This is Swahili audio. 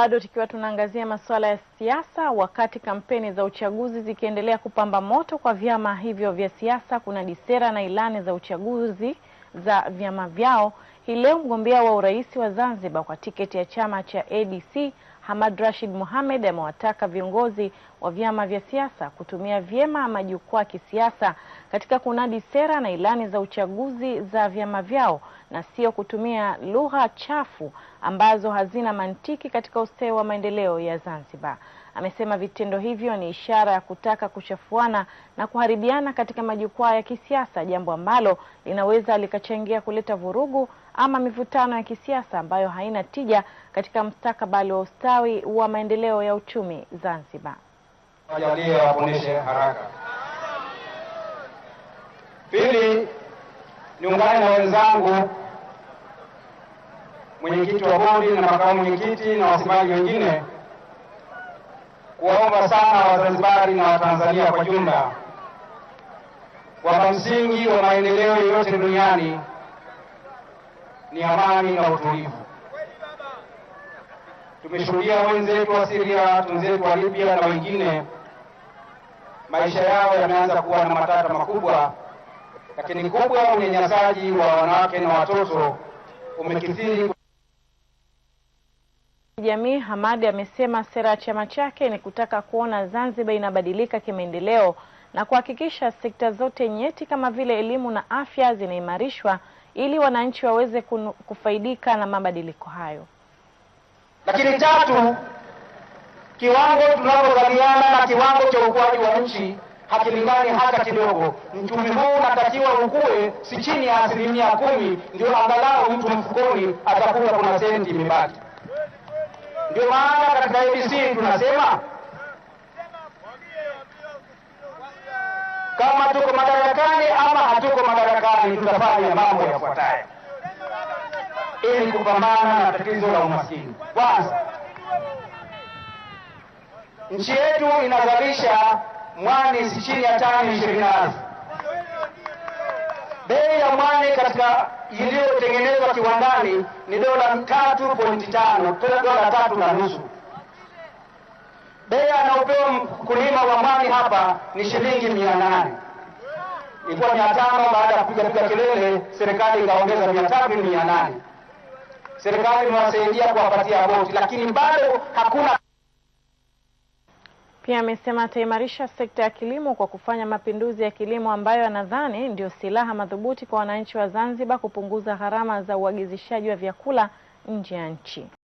Bado tukiwa tunaangazia masuala ya siasa, wakati kampeni za uchaguzi zikiendelea kupamba moto kwa vyama hivyo vya siasa, kuna disera na ilani za uchaguzi za vyama vyao. Hii leo mgombea wa urais wa Zanzibar kwa tiketi ya chama cha ADC Hamad Rashid Mohamed amewataka viongozi wa vyama vya siasa kutumia vyema majukwaa ya kisiasa katika kunadi sera na ilani za uchaguzi za vyama vyao na sio kutumia lugha chafu ambazo hazina mantiki katika ustawi wa maendeleo ya Zanzibar amesema vitendo hivyo ni ishara ya kutaka kuchafuana na kuharibiana katika majukwaa ya kisiasa, jambo ambalo linaweza likachangia kuleta vurugu ama mivutano ya kisiasa ambayo haina tija katika mustakabali wa ustawi wa maendeleo ya uchumi Zanzibar. Wajalie haraka. Pili, niungane na wenzangu mwenyekiti wa bodi na makamu mwenyekiti na wasemaji wengine kuwaomba sana Wazanzibari na Watanzania kwa jumla kwamba msingi wa maendeleo yoyote duniani ni amani na utulivu. Tumeshuhudia wenzetu wa Syria, wenzetu wa Libya na wengine, maisha yao yameanza kuwa na matata makubwa, lakini kubwa, unyanyasaji wa wanawake na watoto umekithiri kijamii Hamadi amesema sera ya chama chake ni kutaka kuona Zanzibar inabadilika kimaendeleo na kuhakikisha sekta zote nyeti kama vile elimu na afya zinaimarishwa ili wananchi waweze kufaidika na mabadiliko hayo. Lakini tatu, kiwango tunapokabiliana na kiwango cha ukuaji wa nchi hakilingani hata kidogo. mchumi huu unatakiwa ukue si chini ya asilimia kumi, ndio angalau mtu mfukoni atakuwa kuna senti imebaki. Ndio maana katika ABC tunasema kama tuko madarakani ama hatuko madarakani, tutafanya mambo yafuatayo ili kupambana na tatizo la umaskini. Kwanza, nchi yetu inazalisha mwani si chini ya tani ishirini elfu. Bei ya mwani katika iliyo kiwandani ni dola tatu pointi tano dola tatu na nusu. Bei anaopewa mkulima wa mwani hapa ni shilingi mia nane ilikuwa mia tano baada ya kupiga piga kelele, serikali ikaongeza mia tatu mia nane Serikali imewasaidia kuwapatia boti, lakini bado hakuna pia amesema ataimarisha sekta ya kilimo kwa kufanya mapinduzi ya kilimo ambayo anadhani ndio silaha madhubuti kwa wananchi wa Zanzibar kupunguza gharama za uagizishaji wa vyakula nje ya nchi.